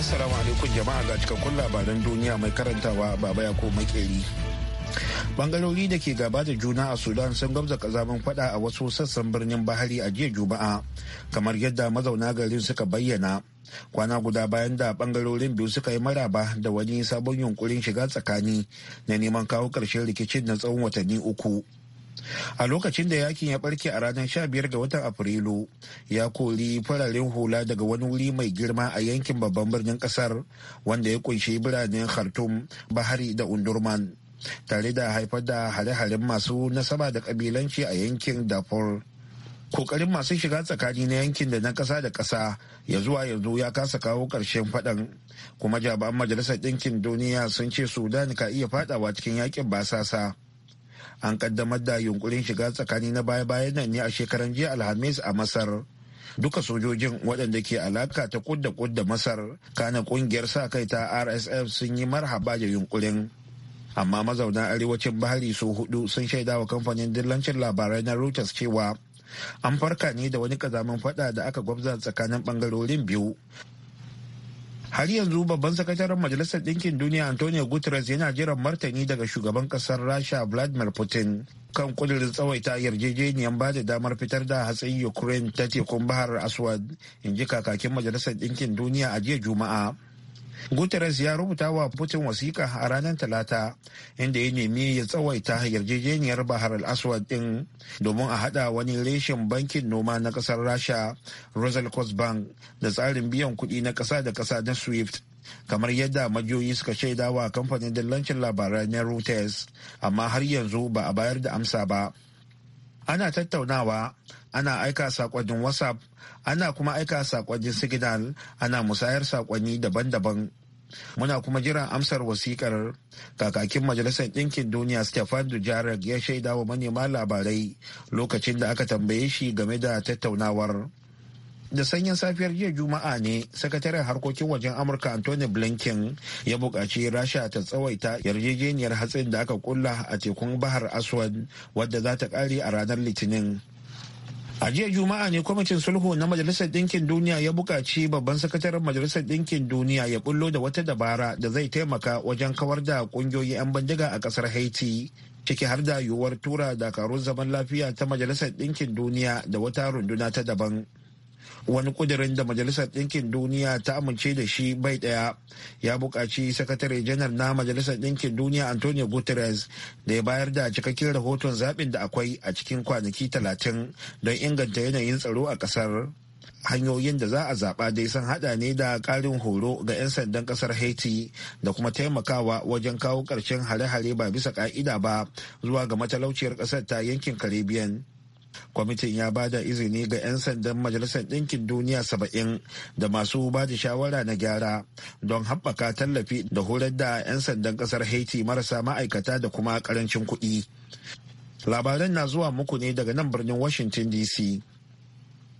Assalamu alaikum jama'a ga cikakkun labaran duniya mai karantawa baba ya ko makeri. bangarori da ke gaba da juna a sudan sun gamza kazamin fada a wasu sassan birnin bahari a jiya juma'a kamar yadda mazauna garin suka bayyana kwana guda bayan da bangarorin biyu suka yi maraba da wani sabon yunkurin shiga tsakani na neman kawo ƙarshen rikicin na tsawon watanni uku a lokacin da yakin ya barke a ranar sha biyar ga watan afrilu ya kori fararen hula daga wani wuri mai girma a yankin babban birnin kasar wanda ya kunshi biranen khartoum bahari da undurman tare da haifar da hare-haren masu nasaba da kabilanci a yankin darfur kokarin masu shiga tsakani na yankin da na kasa da kasa ya zuwa yanzu ya kasa kawo ƙarshen faɗan kuma jami'an majalisar ɗinkin duniya sun ce sudan ka iya fadawa cikin yakin basasa an kaddamar da yunkurin shiga tsakani na baya-bayan nan ne a shekaran jiya alhamis a masar duka sojojin waɗanda ke alaka ta kudda kudda masar kana kungiyar sa kai ta rsf sun yi marhaba da yunkurin amma mazauna arewacin bahari su hudu sun shaidawa kamfanin dillancin labarai na reuters cewa an farka ne da wani kazamin fada da aka gwabza tsakanin bangarorin biyu har yanzu babban sakataren majalisar ɗinkin duniya antonio guterres yana jiran martani daga shugaban ƙasar rasha vladimir putin kan kudirin tsawaita yarjejeniyar ba da damar fitar da hatsayi ukraine ta tekun bahar aswad in ji kakakin majalisar ɗinkin duniya a jiya juma'a guterres ya rubuta wa putin wasiƙa a ranar talata inda ya nemi ya tsawaita yarjejeniyar bahar al-aswad din domin a hada wani reshen bankin noma na ƙasar rasha rosalcost bank da tsarin biyan kuɗi na ƙasa da ƙasa na swift kamar yadda majiyoyi suka shaida wa kamfanin dillancin labarai na Reuters amma har yanzu ba a bayar da amsa ba. Ana tattaunawa, ana aika sakonnin WhatsApp ana kuma aika sakonnin signal ana musayar sakonni daban-daban muna kuma jiran amsar wasikar kakakin majalisar ɗinkin duniya stefan dujarric ya shaida wa manema labarai lokacin da aka tambaye shi game da tattaunawar da sanyin safiyar jiya juma'a ne sakataren harkokin wajen amurka anthony blinken ya buƙaci rasha ta tsawaita yarjejeniyar hatsin da aka kulla a tekun bahar aswad wadda za ta ƙare a ranar litinin A jiya Juma'a ne kwamitin sulhu na Majalisar Ɗinkin Duniya ya buƙaci babban sakataren Majalisar Ɗinkin Duniya ya bullo da wata dabara da zai taimaka wajen kawar da ƙungiyoyin 'yan bindiga a ƙasar Haiti. Ciki har da yiwuwar tura dakarun zaman lafiya ta Majalisar Ɗinkin Duniya da wata runduna ta daban. wani kudirin da majalisar ɗinkin duniya ta amince da shi bai ɗaya ya buƙaci sakatare janar na majalisar ɗinkin duniya antonio guterres da ya bayar da cikakken rahoton zaɓin da akwai a cikin kwanaki talatin don inganta yanayin tsaro a ƙasar hanyoyin da za a zaɓa dai sun haɗa ne da ƙarin horo ga 'yan sandan ƙasar haiti da kuma taimakawa wajen kawo ƙarshen hare-hare ba bisa ƙa'ida ba zuwa ga matalauciyar ƙasar ta yankin caribbean kwamitin ya ba da izini ga 'yan sandan majalisar ɗinkin duniya saba'in da masu ba da shawara na gyara don haɓaka tallafi da horar da 'yan sandan ƙasar haiti marasa ma'aikata da kuma ƙarancin kuɗi labaran na zuwa muku ne daga nan birnin washington dc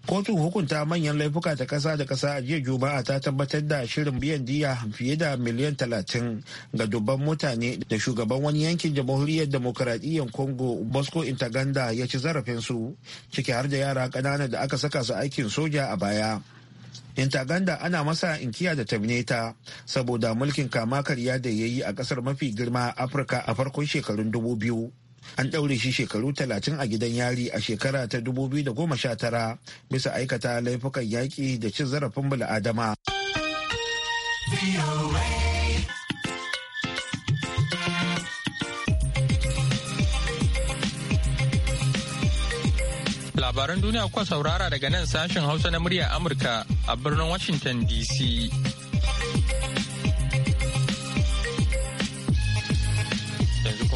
kotun hukunta manyan laifuka ta kasa da kasa a jiya juma'a ta tabbatar da shirin biyan diya fiye da miliyan talatin ga dubban mutane da shugaban wani yankin jamhuriyar demokaradiyyar congo bosco intaganda ya ci zarafinsu ciki har da yara ƙanana da aka saka su aikin soja a baya intaganda ana masa inkiya da tabineta saboda mulkin kama karya da ya yi a kasar mafi girma afirka a farkon shekarun dubu biyu an ɗaure shi shekaru talatin a gidan yari a shekara ta dubu biyu da goma sha tara, bisa aikata laifukan yaƙi da cin zarafin bala'adama. Labaran duniya kuka saurara daga nan sashen Hausa na murya Amurka a birnin Washington DC.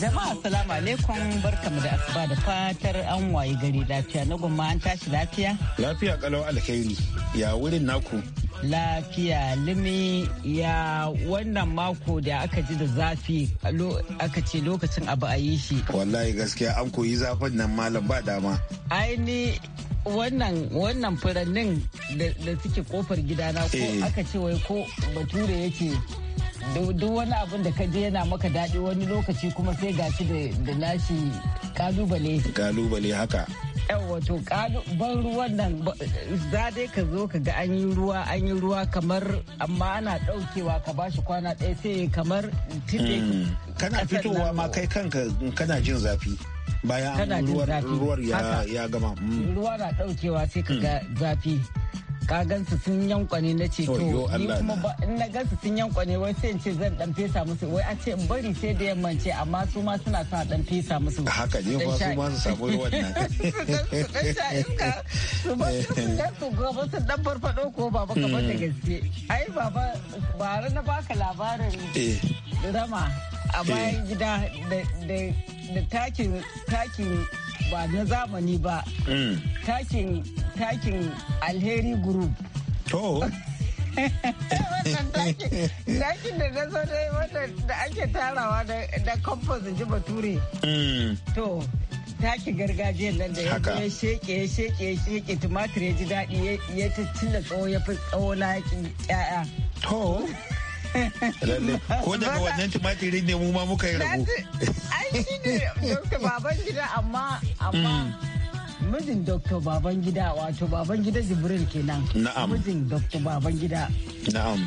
Jama'a salamu alaikum barkamu da asuba da fatar an waye gari lafiya na gumma an tashi lafiya? Lafiya kalau alkhairi ya wurin naku. Lafiya limi ya wannan mako da aka ji da zafi aka ce lokacin abu a yi shi. Wallahi gaskiya an koyi zafin nan malam ba dama. Aini wannan wannan furannin da suke kofar gidana ko eh. aka ce wai ko bature yake duk wani abin da kaje je yana maka daɗi wani lokaci kuma sai gashi da nashi kalubale kalubale haka wato ban ruwan nan za dai ka zo ka ga an yi ruwa an yi ruwa kamar amma ana ɗaukewa ka bashi kwana ɗaya sai kamar tinde hmm. kana fitowa ma kai kanka kana jin zafi bayan ruwar ya gama hmm. ruwa na ɗaukewa sai ka ga hmm. zafi ka gansu sun yankwane na ce to ni kuma ba in na gansu sun yankwane wai sai ce zan dan fesa musu wai a ce in bari sai da ce amma su ma suna sa dan fesa musu haka ne ba su ma su samu ruwan nan su ma su gaba su dan farfado ko baba kamar da hmm. gaske ai baba bare na baka labarin eh. rama a eh. bayan gida da takin ba na zamani ba hmm. takin takin alheri group to Dakin da na zo dai wanda da ake tarawa da compost ji bature. Mm. To, taki gargajiyar nan da ya sheke ya sheke ya sheke tumatir ya ji daɗi ya ta cinna tsawo ya fi tsawo na ƙya'ya. To, ko daga wannan tumatirin ne mu ma muka yi rabu. Ai shi ne, baban gida amma, amma. Mm. mijin Dr. Babangida wato Babangida Jibril kenan. Na'am. Mijin Dr. Babangida. Na'am.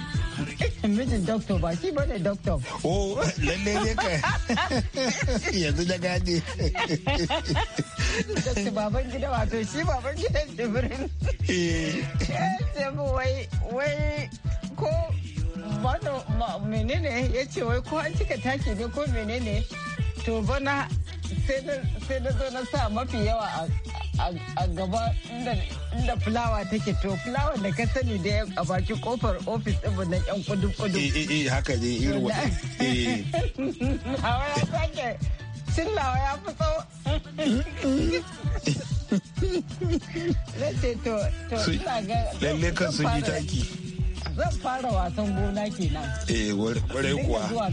Mijin Dr. ba shi bane Dr. Oh, lalle ne ka. Yanzu da gane. Dr. Babangida wato shi Babangida Jibril. Eh. Sai wai wai ko bano menene ya ce wai ko an cika taki ne ko menene to bana sai na zo na sa mafi yawa a gaba inda fulawa take to fulawa da ka sani da a bakin kofar ofis ɗin na yan kudu kudu eh, eh eh haka ne irin wa. Eh, eh, hawa ya sake cillawa ya fito lalle kan sun yi taki zan fara wasan gona kenan eh ware kuwa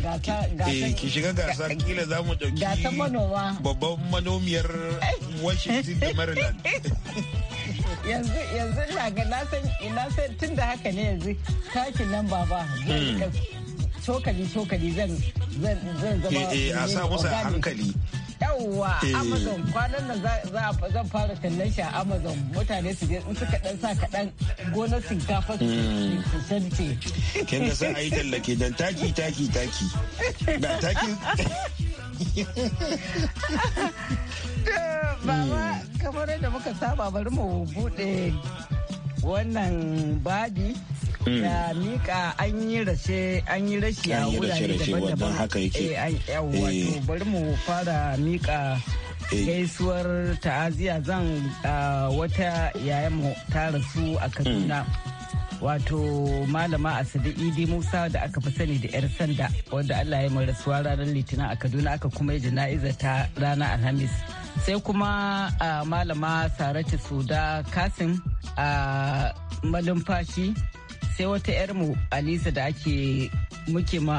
eh ki shiga gasa kila za mu dauki gasan manoma babban manomiyar Washington da Maryland yanzu yanzu na ga na san ina san tunda haka ne yanzu takin nan baba hmm. cokali cokali zan zan zama eh, eh a sa musu hankali yauwa eh. amazon kwanan nan za a fara tallan shi a amazon mutane su in suka dan sa kaɗan gonar shinkafa su hmm. sarce kin ga sun ayi tallake dan taki taki taki da taki Baba, hmm. kamar da muka saba bari mu bude wannan babi Mm. ya mika an yi rashe an yi rashi a wurare wato eh, eh. bari mu fara mika eh. gaisuwar ta'aziya zan wata yayan ta rasu a kaduna mm. wato malama asabi idi musa da aka fi sani da yar sanda wanda allah ya mai rasuwa ranar litinin a kaduna aka kuma yi jana'iza ta ranar alhamis sai kuma malama saratu suda kasim a malumfashi sai wata yar mu alisa da ake muke ma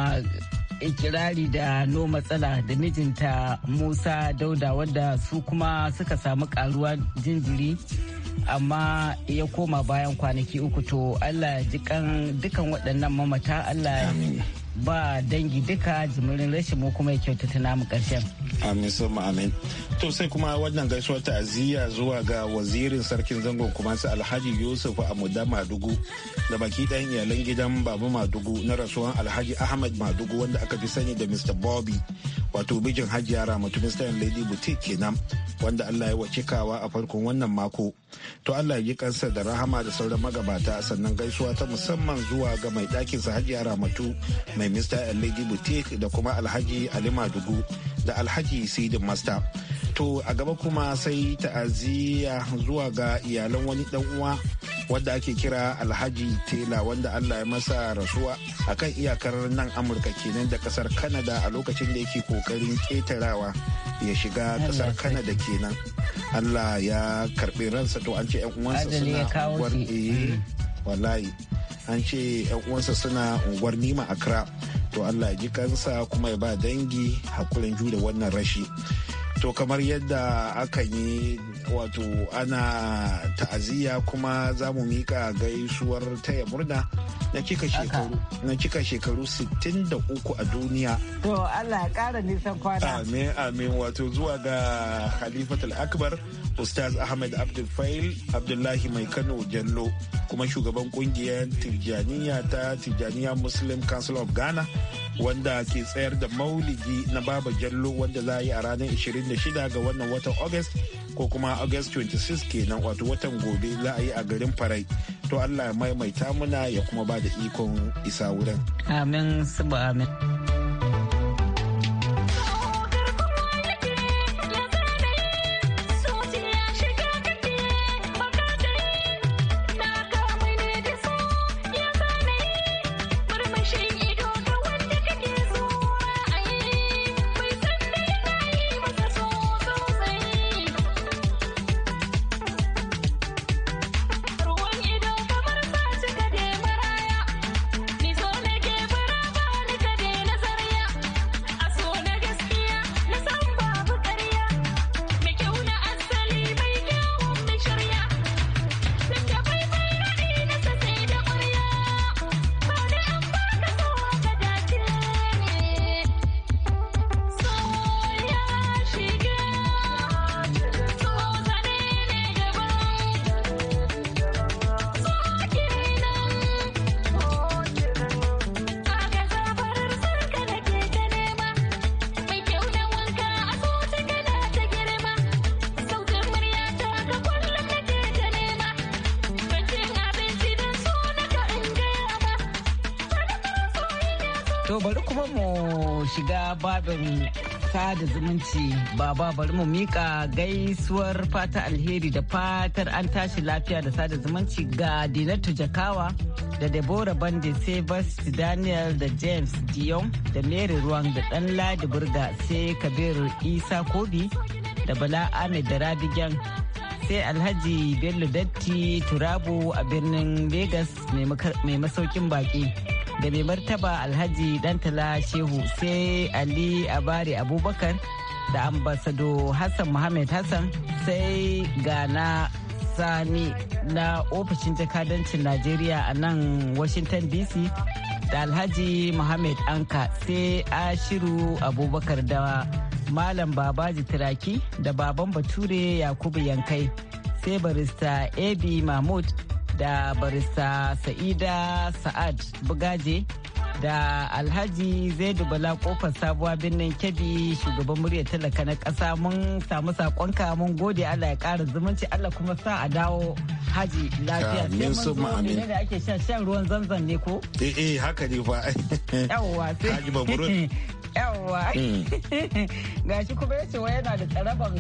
ikirari da no matsala da mijinta musa dauda wadda su kuma suka samu karuwa jinjiri amma ya koma bayan kwanaki uku to allah jikan dukan waɗannan mamata allah ba dangi duka jimirin rashin mu kuma ya kyautata namu karshen. Amin sama amin. To sai kuma wannan gaisuwar ta'aziyya zuwa ga wazirin sarkin zango kuma su Alhaji Yusuf Amuda Madugu da baki ɗayan iyalan gidan Babu Madugu na rasuwan Alhaji Ahmad Madugu wanda aka fi sani da Mr. Bobby wato bijin Hajiya mutu Mr. and Lady Boutique kenan wanda Allah ya wace kawa a farkon wannan mako. To Allah ya yi kansa da rahama da sauran magabata sannan gaisuwa ta musamman zuwa ga mai ɗakinsa Yara mutu. mai Mr. Lady Boutique da kuma Alhaji Ali Madugu da Alhaji Sidin Master. To a gaba kuma sai ta'aziyya zuwa ga iyalan wani dan uwa wanda ake kira Alhaji Tela wanda Allah ya masa rasuwa a kan iyakar nan Amurka kenan da kasar Canada a lokacin da yake kokarin ketarawa ya shiga kasar Canada kenan. Allah ya karbi ransa to an ce 'yan uwansa suna wallahi an ce yan uwansa suna unguwar nima accra to allah ya ji kansa kuma ya ba dangi hakurin da wannan rashi to kamar yadda aka yi wato ana ta'aziyya kuma za mu mika gaisuwar taya murna na kika shekaru sittin 63 a duniya to Allah kara nisan kwana amin amin wato zuwa ga Khalifatul Akbar Ustaz Ahmed Abdul Abdullahi Mai Kano Jallo kuma shugaban kungiyar Tijjaniya ta Tijjaniya Muslim Council of Ghana wanda ke tsayar da maulidi na baba jallo wanda za a yi a ranar 26 ga wannan watan august ko kuma august 26 kenan wato watan gobe za a yi a garin farai to allah ya maimaita muna ya kuma ba da ikon isa wurin amin amin babin sada zumunci baba bari mu mika gaisuwar fata alheri da fatar an tashi lafiya da sada zumunci ga dinatu jakawa da deborah bande sebasti daniel da james dion da mary ruwan da dan ladi burga sai kabir isa kobi da bala ahmed da rabigen sai alhaji bello datti turabu a birnin vegas mai masaukin baki da mai martaba alhaji dantala shehu sai ali abari abubakar da ambasado hassan muhammad hassan sai gana sani na ofishin jakadancin najeriya a nan washington dc da alhaji muhammad anka sai ashiru abubakar da malam babaji turaki da baban bature yakubu yankai sai barista ab mahmud da barista sa'ida sa'ad bugaje da alhaji zaidu bala kofar sabuwa birnin kebbi shugaban muryar talaka na ƙasa mun samu saƙonka mun gode allah ya ƙara zumunci allah kuma sa a dawo haji lafiya sai mun zo ne da ake shan ruwan zanzan ne ko eh, eh haka ne fa yawwa sai yawwa mm. shi kuma ya ce wa yana da tsaraban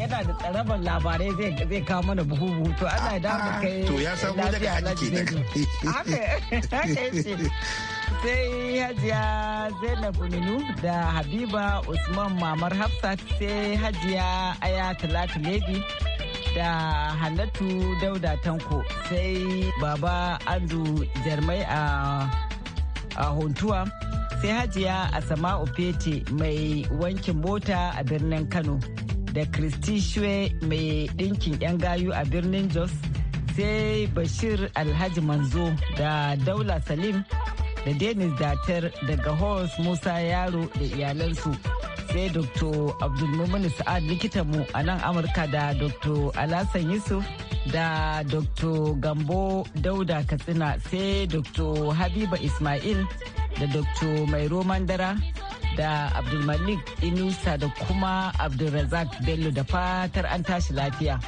yana da tsaraban labarai zai zai kawo mana buhu buhu to ana da dawo ah, kai to ya samu daga haji kai? haka haka ce. sai hajiya zainab nunu da habiba usman mamar hafsat sai hajiya aya talatu lebi da hannatu dauda tanko sai baba andu jarmai a a hontuwa sai hajiya asama'u fete mai wankin mota a birnin kano da kristi shwe mai ɗinkin 'yan gayu a birnin jos sai bashir alhaji manzo da daula salim da denis datar daga hos musa yaro da iyalansu sai dr abdulmumin sa'ad likitanmu a nan amurka da dr alasan yusuf da dr gambo dauda katsina sai dr habiba ismail da Dr. Mai Roman Dara da Abdulmalik Inusa da kuma Abdulrazak Bello da fatar an tashi lafiya.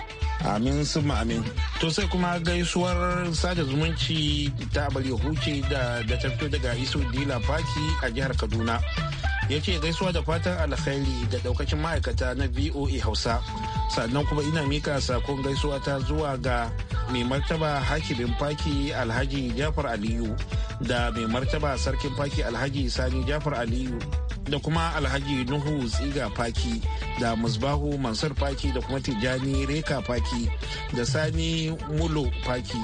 Amin sun amin. To sai kuma gaisuwar sada zumunci ta bari huce da da daga Isu Dila Faki a jihar Kaduna. ya ce gaisuwa da fatan alkhairi da daukacin ma'aikata na voa hausa sannan kuma ina mika sakon gaisuwa ta zuwa ga mai martaba hakimin faki alhaji jafar aliyu da mai martaba sarkin faki alhaji sani jafar aliyu da kuma alhaji nuhu tsiga faki da musbahu mansur faki da kuma Tijani reka faki da sani mulo faki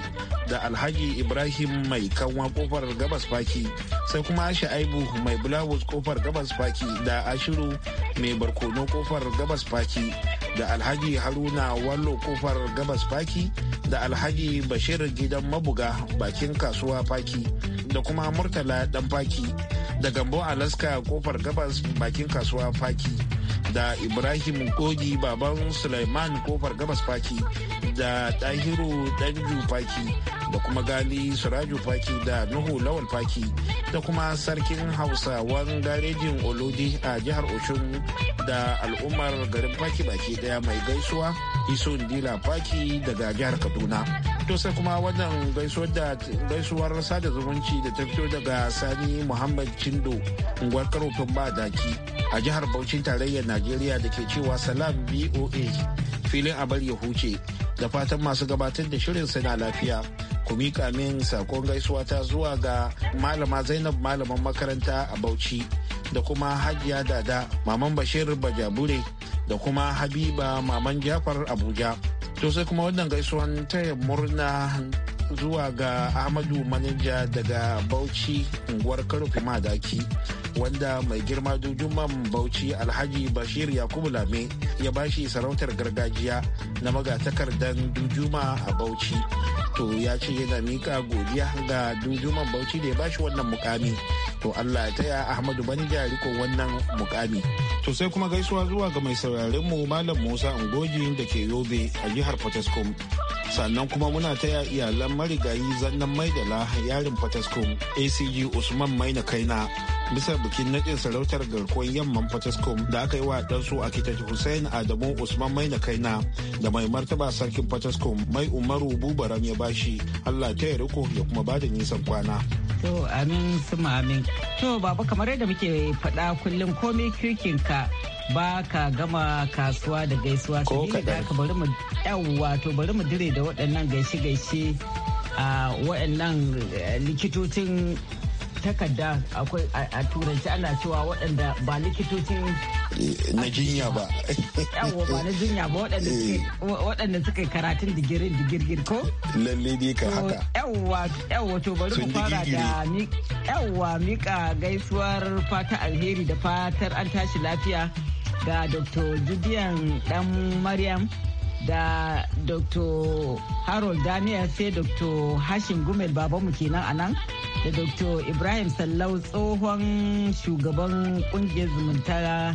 da alhaji ibrahim mai kanwa kofar gabas faki sai kuma sha'aibu mai bulawus kofar gabas faki da ashiru mai barkono kofar gabas faki da alhaji haruna wallo kofar gabas faki da alhaji bashir gidan mabuga bakin kasuwa faki da kuma murtala dan faki da gambo alaska kofar gabas bakin kasuwa faki da ibrahim kogi baban suleiman kofar gabas faki da tahiru danju faki da kuma gali suraju faki da nuhu lawal faki da kuma sarkin hausa hausawan garejin olodi a jihar oshun da al'ummar garin faki baki daya mai gaisuwa iso ndila faki daga jihar kaduna to sai kuma wannan gaisuwar sada zumunci da ta fito daga sani muhammad cindo unguwar karofin ba daki a jihar bauchin tarayyar najeriya da ke cewa salam boa filin abar ya huce da fatan masu gabatar da shirin suna lafiya ku miƙa min sakon gaisuwa ta zuwa ga malama zainab malaman makaranta a bauchi da kuma hajiya dada maman bashir bajabure da kuma habiba maman jafar abuja to sai kuma wannan gaisuwan taya murna zuwa ga ahmadu manija daga bauchi unguwar karfe madaki wanda mai girma dujuman bauchi alhaji bashir yakubu lame ya bashi sarautar gargajiya na magatakardan dujuma a bauchi to ya ce yana mika godiya ga duduman bauchi da ya bashi wannan mukami to allah ya taya ahmadu banja riko wannan mukami to sai kuma gaisuwa zuwa ga mai sauraren mu malam musa ungoji da ke yobe a jihar potoscom sannan kuma muna taya iyalan marigayi zannan mai dala yarin potoscom acg usman maina kaina bisa bikin naɗin sarautar garkuwar yamman potoscom da aka yi wa ɗansu a kitat hussein adamu usman maina kaina da mai martaba sarkin potoscom mai umaru bubaran ya bashi allah ta ya riko ya kuma bada nisan kwana to amin suma amin to baba kamar yadda muke faɗa kullum komai kirkin ka ba ka gama kasuwa da gaisuwa Ko da ka bari mu yawwa to bari mu dire da waɗannan gaishe-gaishe a waɗannan eh, likitocin takarda akwai a turanci ana cewa waɗanda ba likitocin na jinya ba yawo ba na jinya ba waɗanda suka eh. yi karatun digirin digirgir ko lalle ne ka haka yawa yawa to bari mu fara da yawa mika gaisuwar fata alheri da fatar an tashi lafiya ga dr jibiyan dan maryam da dr harold daniel sai dr hashin gumel babanmu kenan a nan da dr ibrahim sallau tsohon shugaban kungiyar zumunta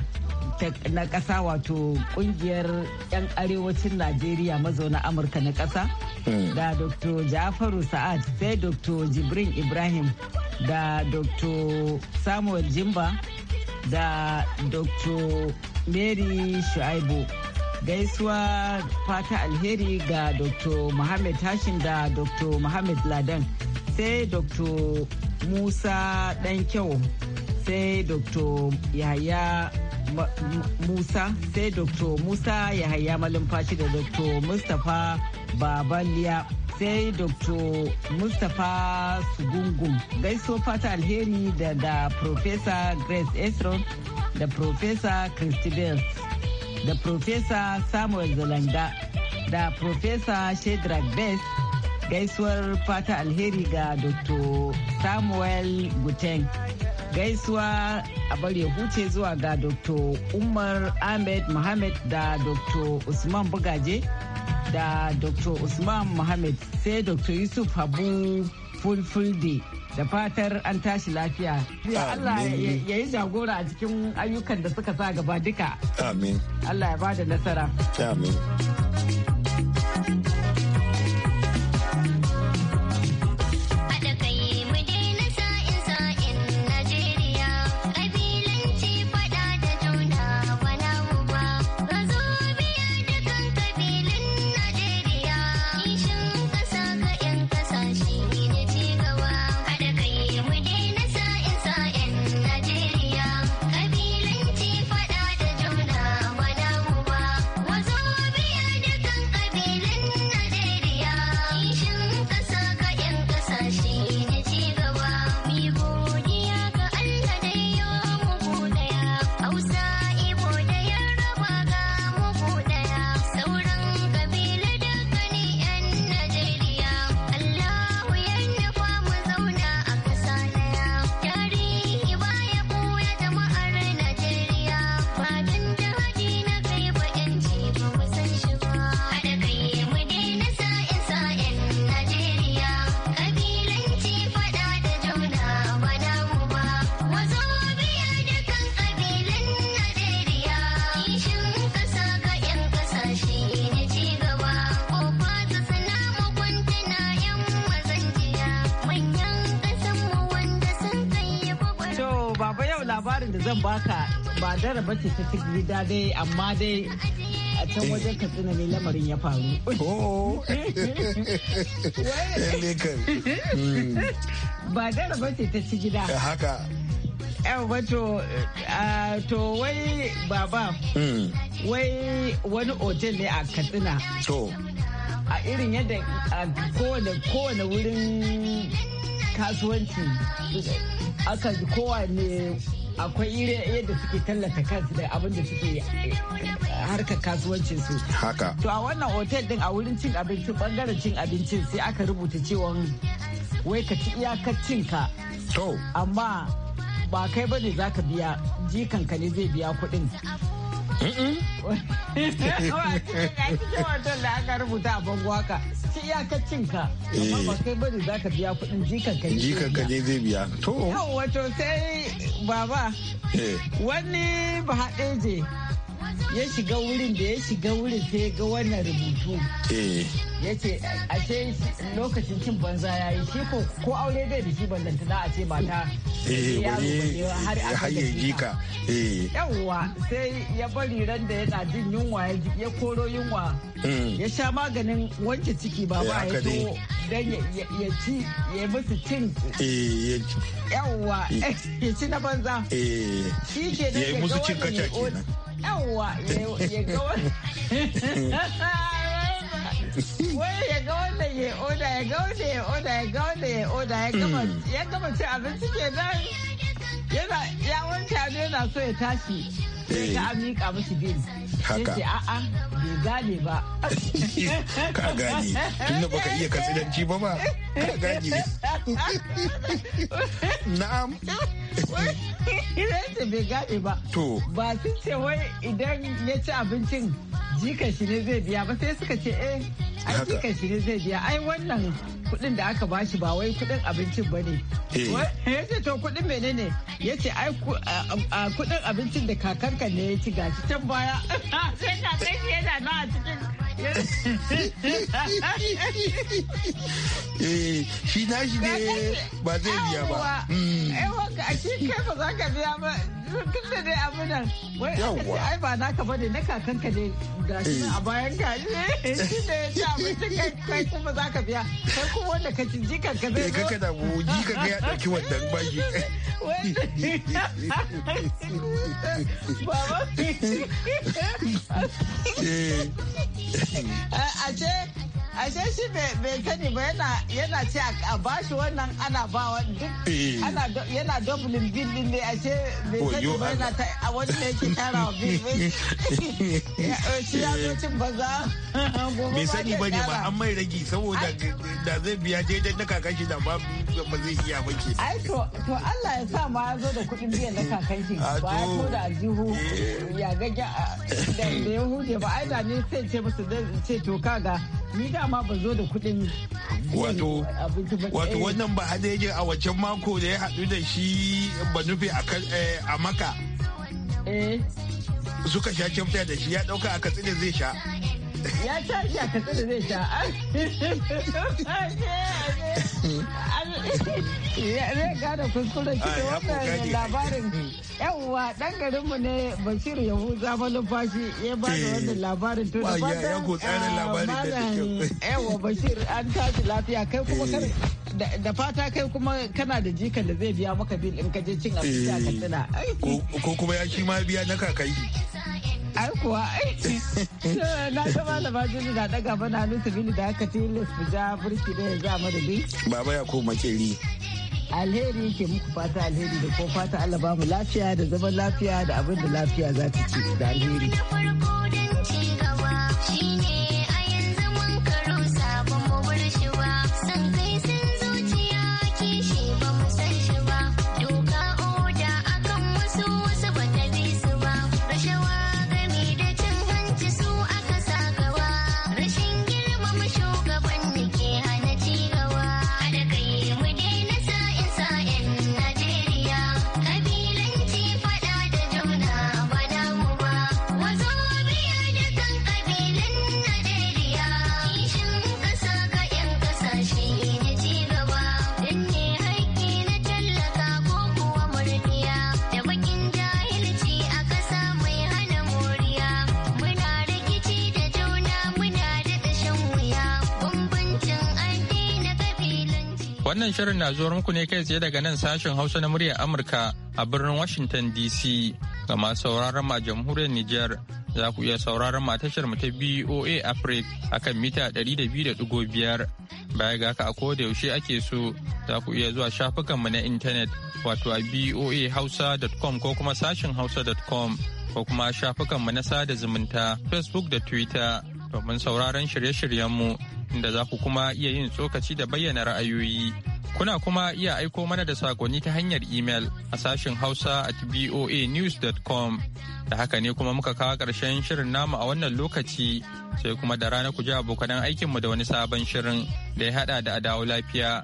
na kasa wato kungiyar 'yan arewacin najeriya mazauna amurka na kasa hmm. da dr jafaru sa'ad sai dr jibrin ibrahim da dr samuel jimba da dr mary shu'aibu gaisuwa fata alheri ga dr muhammad tashin da dr muhammad ladan sai dr musa kyau sai dr yahaya musa sai dr musa yahaya malumfashi da dr mustapha babaliya sai dr mustapha sugungun gaiso fata alheri daga professor grace esron da professor christy bells da professor samuel zalanga da professor shedrack best gaisuwar fata alheri ga dr samuel guten gaisuwa a bari huce zuwa ga dr umar ahmed mohamed da dr usman bugaje da dr usman mohamed sai dr yusuf habu fulfulde da fatar an tashi lafiya. Ya Allah ya yi jagora a cikin ayyukan da suka sa gaba duka. Amin. Allah ya bada nasara. Amin. jaraba ce ta gida dai amma dai a can eh. wajen katsina ne lamarin ya faru. Oh. Ba jaraba ce ta ci gida. Eh, haka. yan to wai baba hmm. wai wani otel ne a katsina to a irin yadda kowane wurin kasuwanci aka kowane akwai iri yadda suke tallata kansu da abin da suke harka kasuwancin su haka to a wannan otel din a wurin cin abinci bangaren cin abincin sai aka rubuta cewa wai ka ci iyakar cinka to amma ba kai bane zaka biya jikanka ne zai biya kuɗin hoton da aka rubuta a bango haka ci iyakacin ka ba za ka biya kuɗin jikan ka ka zai biya wato sai baba wani ba haɗeje ya shiga wurin da ya shiga wurin sai ga wannan rubutu eh. ya ce a ce lokacin cin banza ya yi shi ko aure bai da shi ballantana a ce mata eh, har ya jika eh. yawwa sai ya bari ran da yana jin yunwa ya koro yunwa hmm. ya sha maganin wanke ciki ba ba ya zo don ya ci ya musu cin yawwa ya ci na banza shi ke da ya musu cin kaca yawwa ya ya ga ya oda ya ya oda ya ya oda ya gama cin abinci ke nan ya wanke yana so ya tashi sai ga an mika musu bil haka sai a'a bai gane ba ka gane tunda baka iya katsilanci ba ma ka gane na'am Irensa bai gane ba. To. Ba sun ce wai idan ya ci abincin jikan shi ne zai biya ba sai suka ce eh aiki kan shi zai biya ai wannan kuɗin da aka bashi ba wai kuɗin abincin ba ne eh. ya ce to kuɗin ne? ya ce ai kuɗin abincin da kakanka ne ya ci gashi can baya sai na kai shi yana na a cikin eh, shi na shi ne ba zai biya ba. Ewa, wanka, hmm. a shi kai ba za ka biya ba. tun da dai abu nan wai ai ba naka bane na kakanka ne gashi a eh. bayan ka ne eh, shi ne ya ci abinci kai kuma za ka biya kai kuma wanda ka ci jikan eh, ka zai zo kaka da mu ji ka ya dauki wannan bashi baba a ce ashe shi bai sani ba yana ce a bashi wannan ana ba duk eh. yana dublin bill din ne ashe bai sani ba yana ta a wani da yake tara wa bill eh, shi ya zo cin baza bai sani ba ne ba an mai ragi saboda da zai biya daidai na kakan shi da ba ba zai iya ba ke ai to Allah ya sa ma ya zo da kuɗin biyan na kakan shi ba ya to da aljihu eh. ya ga da ya huje ba ai da ni sai ce musu ce to kaga ni dama ba zo da kuɗin wato wato eh. wannan ba hada yake a wancan mako da ya haɗu da shi ba nufi a eh, maka eh. suka sha camfiya da shi ya ɗauka a katsina zai sha ya ta a ka da zai sha zai gane kuskure cikin wannan labarin yawwa dan garinmu ne bashir yahuza malumfashi ya ba da wannan eh. labarin to da fata eh, yawwa bashir an tashi lafiya kai kuma kar eh. da fata kai kuma kana da jikan da zai biya maka bil in ka je cin abinci a katsina ko kuma ya shi ma biya na kakai ai kuwa na ga malama jini da daga bana nutu bini da aka tilas fija burki da yanzu a madadin baba ya ko makeri alheri ke muku fata alheri da ko fata Allah ba mu lafiya da zaman lafiya da abin da lafiya za ta ci da alheri Wannan shirin na zuwa muku ne kai tsaye daga nan sashen Hausa na muryar Amurka a birnin Washington DC. Ga masu sauraron ma jamhuriyar Nijar za ku iya sauraron ma tashar mu ta BOA Africa akan mita 200.5. Baya ga ka a koda yaushe ake so za ku iya zuwa shafukan mu na intanet wato a BOA boahausa.com ko kuma sashen hausa.com ko kuma mu na sada zumunta Facebook da Twitter domin sauraron shirye-shiryenmu. inda za ku kuma iya yin tsokaci da bayyana ra'ayoyi. Kuna kuma iya aiko mana da sakonni ta hanyar imel a sashen Hausa at voanews.com. Da haka ne kuma muka kawo ƙarshen shirin namu a wannan lokaci sai kuma da rana ku ji abokanan aikinmu da wani sabon shirin da ya haɗa da adawo lafiya.